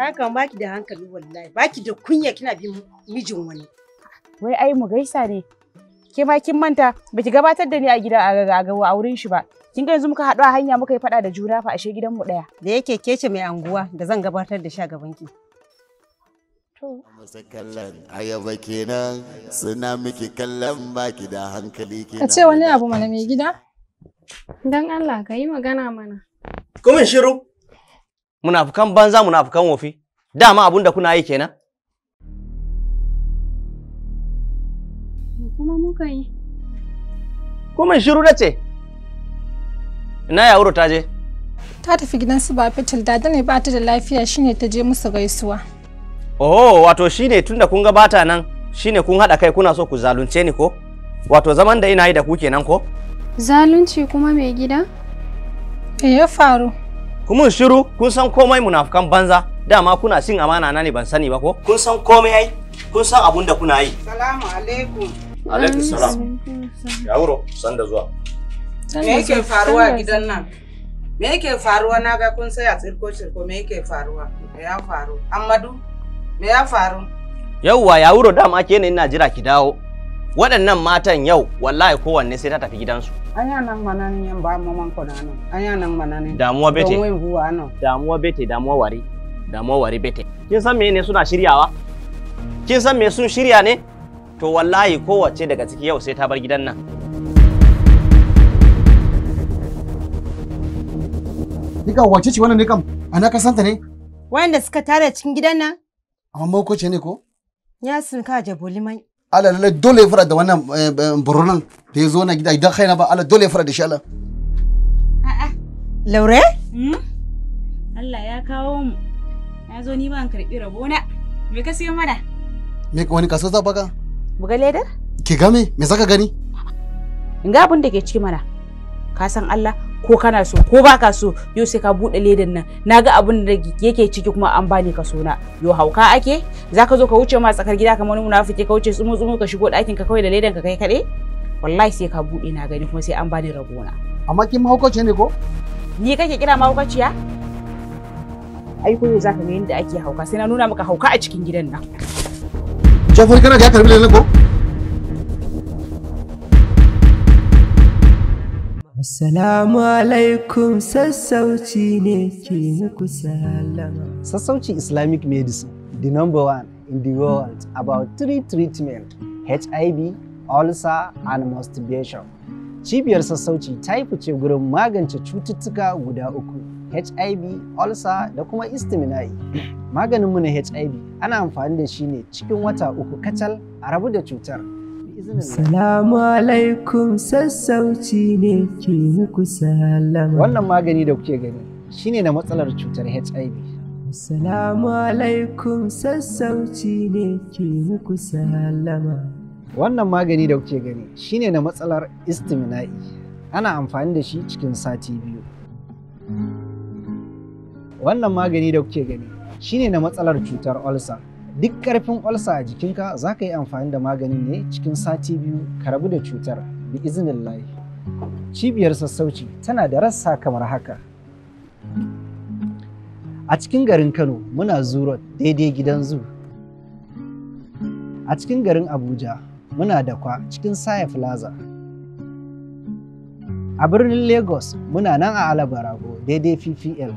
Hakan baki da hankali wallahi baki da kunya kina bin mijin wani. Wai ai mu gaisa ne. Ke ma kin manta baki gabatar da ni a gida a ga a wurin shi ba. Kin ga yanzu muka haɗu a hanya muka yi faɗa da juna fa ashe gidan mu ɗaya. Da yake kece mai anguwa da zan gabatar da shi gaban ki. kallon ayaba kenan suna miki kallon da hankali kenan. Ka ce wani abu mana mai gida? Don Allah ka yi magana mana. Kumin shiru. Munafukan banza munafukan wofi. Dama abun da kuna yi kenan. Kuma muka yi. Kumin shiru na ce. Ina yawuro ta je? Ta tafi gidan su ba fitil da ne ba ta da lafiya shine ta je musu gaisuwa. Oh, wato shine tunda kun ga bata nan, shine kun haɗa kai kuna so ku zalunce ni ko? Wato zaman da ina yi da ku kenan ko? Zalunci kuma mai gida? Me ya faru? mun shiru kun san komai munafukan banza, dama kuna sin amana na ne ban sani ba ko? Kun san komai ai, kun san abun da kuna yi. Salamu alaikum. Alaikum salam. Ya wuro, san da zuwa. Me yake faruwa a gidan nan? Me yake faruwa na ga kun sai a tsirko-tsirko me yake faruwa? Ya faru. Amadu, Me ya faru? Yauwa ya wuro dama ake ne ina jira ki dawo. Waɗannan matan yau wallahi kowanne sai ta tafi gidansu. Anya nan manan yan ba mu man ko nan. Anya nan manan. Damuwa bete. Don buwa nan. Damuwa bete damuwa wari. Damuwa wari bete. Kin san me ne suna shiryawa? Kin san me sun shirya ne? To wallahi kowace daga ciki yau sai ta bar gidan nan. Dika wace ce wannan ne kam? Ana kasanta ne? Wanda suka tare cikin gidan nan? amma mako ce ne ko ya sun ka je bolimai ala lalle dole fara da wannan eh, burunan da ya zo na gida idan kaina ba ala dole fara da shi ala a'a laure hmm? Allah ya kawo mu ya zo ni ban karbi rabona me ka siyo mana me wani kaso za baka buga ledar ki game me zaka gani ga abin da ke ci mana ka san Allah ko kana so ko baka so yau sai ka bude ledan nan naga abin da yake ciki kuma an bani ka sona yo hauka ake zaka zo ka wuce ma tsakar gida kamar wani munafiki ka wuce tsumo tsumo ka shigo ɗakin ka kawai da ledan ka kai kaɗe wallahi sai ka bude na gani kuma sai an bani rabona amma kin mahaukaci ne ko ni kake kira mahaukaciya ai za zaka ga yadda ake hauka sai na nuna maka hauka a cikin gidan nan Jafar kana ga karbi ledan ko Assalamu alaikum sassauci ne ke muku salama. Sassauci Islamic medicine, the number one in the world about three treatment, HIV, ulcer and masturbation. Cibiyar sassauci ta yi fice gurin magance cututtuka guda uku, HIV, ulcer da kuma istimina'i. Maganinmu na HIV ana amfani da shi ne cikin wata uku kacal a rabu da cutar. Salamu alaikum sassauci ne ke muku salama. Wannan magani da kuke gani shine na matsalar cutar HIV. Salamu alaikum sassauci ne ke muku salama. Wannan magani da kuke gani shine na matsalar istimina'i. Ana amfani da shi cikin sati biyu. Wannan magani da kuke gani shine na matsalar cutar ulcer. duk karfin olsa a jikinka za ka yi amfani da maganin ne cikin sati biyu ka rabu da cutar bi izinin layi cibiyar sassauci tana da rassa kamar haka a cikin garin kano muna zuro daidai gidan zu a cikin garin abuja muna da kwa cikin saya plaza a birnin lagos muna nan a alabarago daidai ppl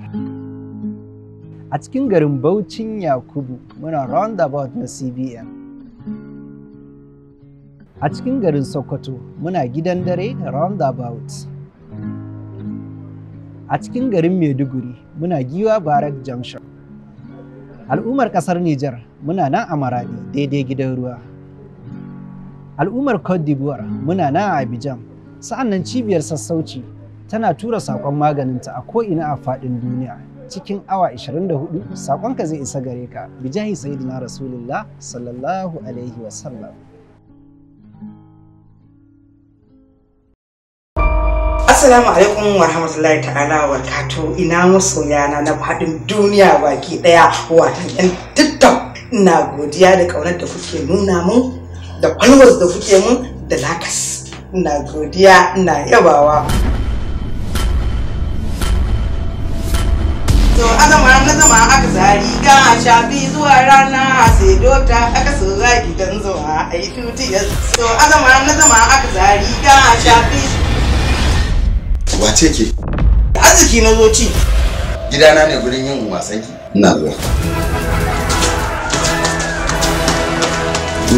a cikin garin Baucin Yakubu muna roundabout na CBN. A cikin garin Sokoto muna gidan dare da roundabout. A cikin garin Maiduguri muna giwa Barak Junction. Al'ummar ƙasar Nijar muna nan a Maradi daidai gidan ruwa. Al'ummar Cote d'Ivoire muna nan a Abidjan, sa'an cibiyar sassauci tana tura saƙon maganinta a ko'ina a faɗin duniya. cikin awa 24 saƙonka zai isa gare ka bijahi sayyidina rasulullah sallallahu alaihi wasallam Assalamu alaikum wa rahmatullahi ta'ala wa kato ina masoya na na faɗin duniya baki ɗaya watan ƴan tiktok ina godiya da ƙaunar da kuke nuna mun da kwalwar da kuke mun da lakas ina godiya na yabawa. to azama na zama aka zari ga shafi zuwa rana sai dota aka soza gidan zuwa a yi tuti tutiyar to azama na zama aka zari ga shafi wace ke arziki na zo ci gidana ne gurin yin wasan ki ina zuwa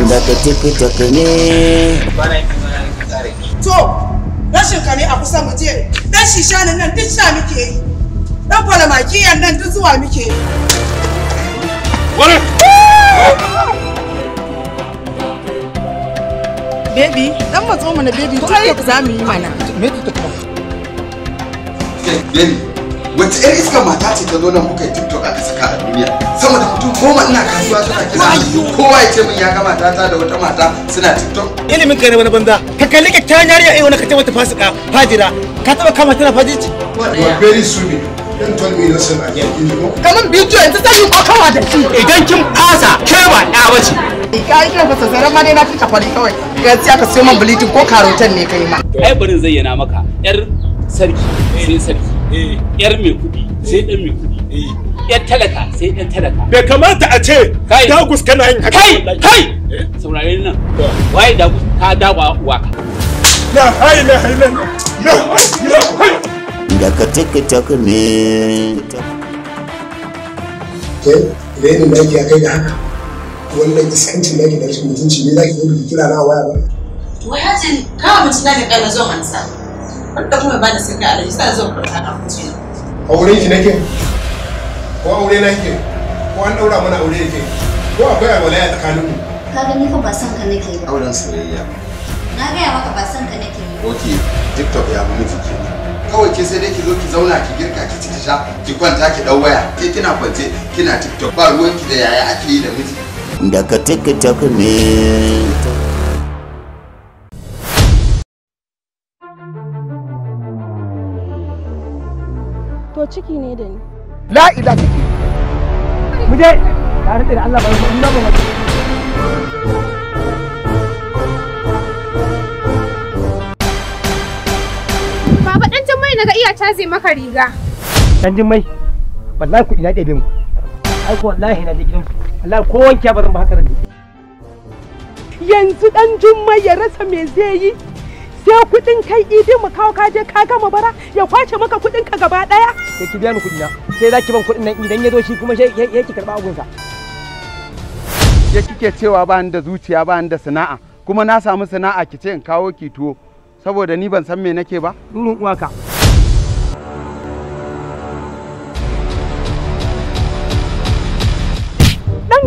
da ka tafi tafi ne to rashin kare a kusa mu je dan shisha nan duk sha muke yi Dan falamakiyan nan duk zuwa muke. Wani! Baby, dan matso mana baby TikTok za mu yi mana. Me TikTok? Baby, wace ƴar iska mata ce ta zo nan muka yi TikTok aka saka a duniya? Sama da mutum goma ina kasuwa suna kira kowa ya ce min ya ga ta da wata mata suna TikTok. Ilimin kai ne wani banza, ka kalli ka ta yariya ai eh, wani ka ce mata fasika, fajira, ka taba kama tana fajici? Wa very stupid. Don't tell me nothing again, Indigo. Kaman bidiyo yanzu sai yin kokawa da shi. Idan kin fasa, ke ba ɗa bace. Ka yi kina fasa sai ma dai na fita fari kawai. Gaskiya ka siyo man bleaching ko karotan ne kai ma. Ai barin zayyana maka, yar sarki sai sarki. Yar mai kuɗi sai ɗan mai kuɗi. Yar talaka sai ɗan talaka. Bai kamata a ce dagus kana yin haka. Kai! Kai! Eh? Saurare nan. Waye dagus ka dawa waka. La haila haila. La na. haila. daga tik-tak ne ne renin da ake kai da haka wannan iskancin da ake da rashin mutunci ne za ki yi kira na waya ba waya ce kawo mutum na kaɗa na zuwa hansa wanda kuma ba da sun ka alaji sa zuwa kurta na kuce aure ki nake ko aure na ke ko an ɗaura mana aure yake ko akwai alwalaya tsakaninmu ka gani fa ba son ka nake ba auren soyayya na gaya maka ba son ka nake ba ok tiktok ya bi miki kenan kawai ke sai dai ki zo ki zauna ki girka ki ci ki sha ki kwanta ki dau waya sai kina kwance kina tiktok ba ruwan ki da yaya ake yi da miji daga tiktok ne To ciki ne da ni. La ila ciki. Mu je tare da Allah ba mu ba mu. ka iya caji maka riga. Dan jin mai, wallahi kuɗi na ɗebe mu. Ai ko wallahi na je gidansu, wallahi ko wanke ba zan ba haka rage. Yanzu dan Jummai ya rasa me zai yi? Sai kuɗin kai idin mu kawo kaje ka gama bara ya kwace maka kuɗin ka gaba ɗaya. Sai ki biya ni kuɗi na, sai zaki ban kuɗin nan idan ya zo shi kuma sai ya ki karɓa sa. Ya kike cewa ba ni da zuciya ba ni da sana'a kuma na samu sana'a ki ce in kawo ki tuwo saboda ni ban san me nake ba. Durin uwaka.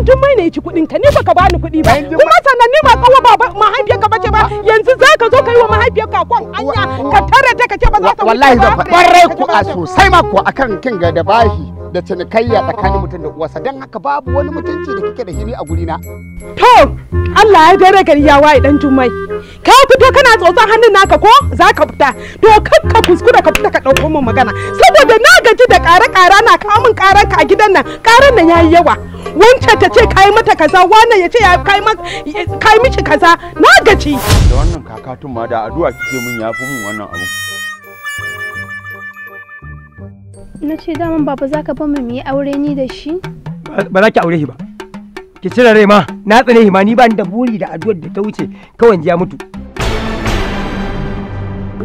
duk mai ne ci kuɗin ka ni baka bani kuɗi ba kuma sannan ni ba kawo ba mahaifiyarka ba ba yanzu za ka zo ka yi wa mahaifiyarka kwan anya ka tare ta ka ce ba za ta wallahi zan kwarai ku a sosai ma ku akan kin ga da bashi da cinikayya tsakanin mutum da uwarsa don haka babu wani mutunci da kike da hiri a na. To Allah ya dare gari ya waye dan jummai ka fito kana tsotsan hannun naka ko za ka fita to ka kuskura ka fita ka dauko min magana saboda na gaji da kare ƙare na kawo min ƙaranka a gidan nan ƙaran nan ya yi yawa wancan ta ce kai mata kaza wannan ya ce kai miki kaza na gaji da wannan kakatun ma da addu'a kike mun yafi mun wannan abu na ce daman baba za ka bamu mu yi aure ni da shi ba za ki aure shi ba ki cire rai ma na tsare shi ma ni ba ni da buri da addu'ar da ta wuce kawai ya mutu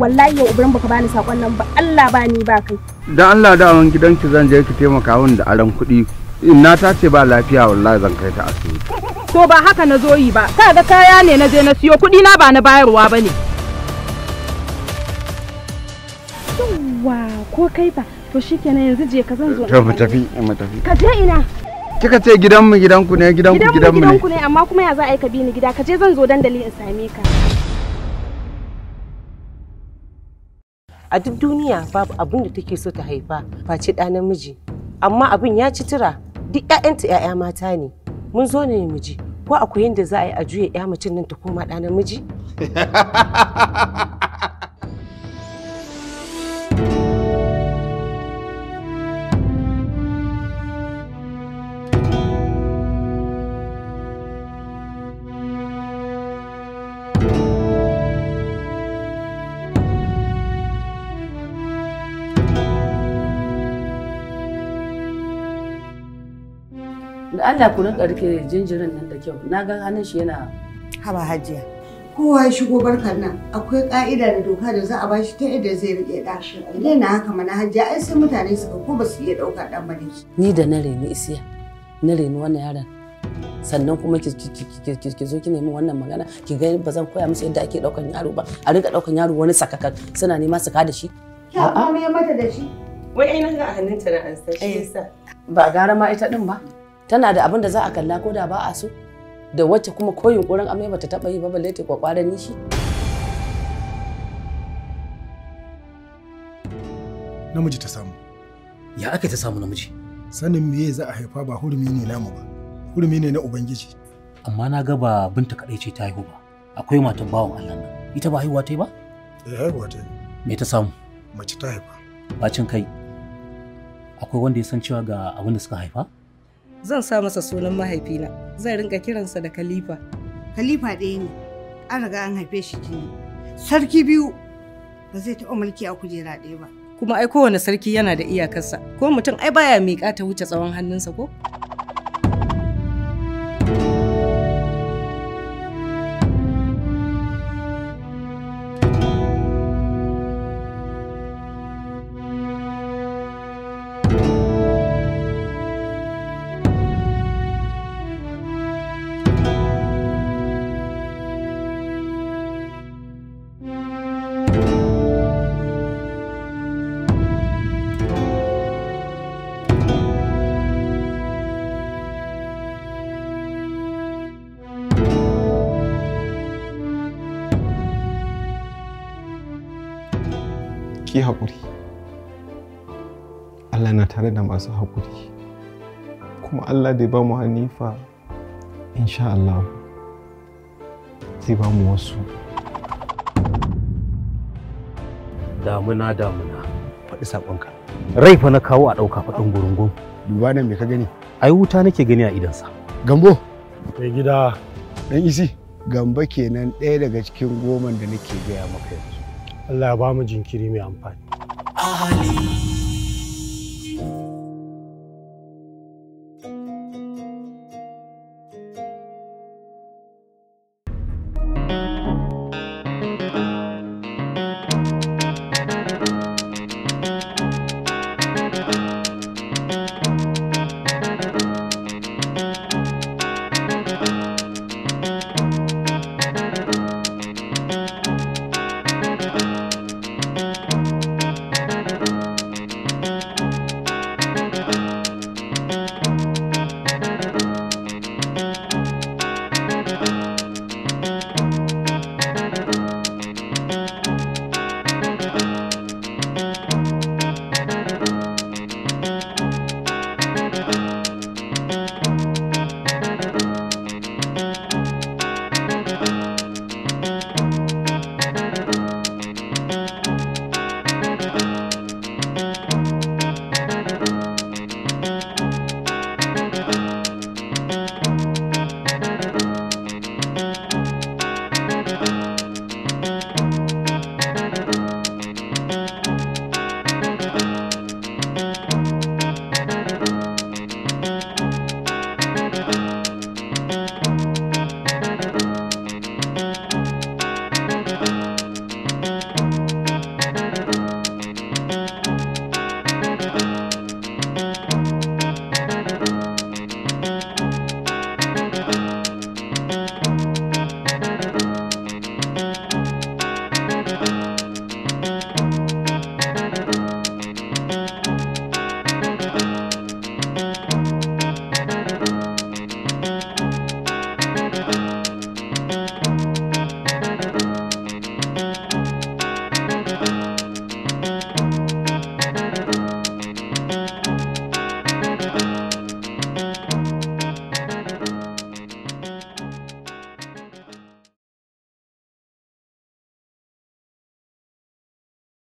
wallahi yau ubran baka bani sakon nan ba Allah ba ni ba kai dan Allah da gidanki zan je ki taimaka min da aran kuɗi na ta ce ba lafiya wallahi zan kai ta asibiti to ba haka na zo yi ba kaga kaya ne na je na siyo kuɗi na ba na bayarwa ba ne ko kai ba to shikenan yanzu je ka zan zo to mu tafi mu tafi ka je ina kika ce gidanmu gidanku ne gidanku gidanmu ne ne amma kuma ya za a yi ka bi ni gida ka je zan zo dandali in same ka a duk duniya babu abin da take so ta haifa face ɗa namiji amma abin ya ci tura duk ƴaƴanta ƴaƴa mata ne mun zo ne miji ko akwai yadda za a yi a juya ƴa mutum nan ta koma ɗa namiji Allah ku rinka rike jinjirin nan da kyau. Na ga hannun shi yana haba hajiya. Kowa ya shigo barkar nan akwai ka'ida da doka da za a bashi ta yadda zai rike dashi. Ne na haka mana hajiya ai sai mutane suka ko ba su iya dauka dan bane. Ni da na reni isiya. Na reni wannan yaron. sannan kuma ki zo ki nemi wannan magana ki ga ba zan koya musu yadda ake daukan yaro ba a rinka daukan yaro wani sakaka suna nema su ka da shi ya amma mata da shi wai ai nan ga hannunta na an san shi eh. yasa ba gara ma ita din ba tana da abin da za a kalla ko da ba a so da wacce kuma ko yunkurin amai bata taba yi ba balle ta kwakwaran nishi namiji ta samu ya aka ta samu namiji sanin meye za a haifa ba hurumi ne namu ba hurumi ne na ubangiji amma na ga ba binta kadai ce ta haihu ba akwai matan bawan Allah nan ita ba haihuwa ta yi ba eh haihuwa ta yi me ta samu mace ta haifa bacin kai akwai wanda ya san cewa ga abin da suka haifa zan sa masa sunan mahaifina zan rinka kiransa da khalifa khalifa ɗaya ne an riga an haife shi jini sarki biyu ba zai taɓa mulki a kujera ɗaya ba kuma ai kowane sarki yana da iyakarsa ko mutum ai baya miƙa ta wuce tsawon hannunsa ko ki haƙuri Allah na tare da masu haƙuri kuma Allah da ba mu hanifa insha Allah zai ba mu wasu damuna damuna faɗi saƙonka rai fa na kawo a ɗauka faɗin gurungun duba nan me ka gani ai wuta nake gani a idansa gambo mai gida dan isi gamba kenan ɗaya daga cikin goman da nake gaya maka yanzu Allah ya ba mu jinkiri mai amfani.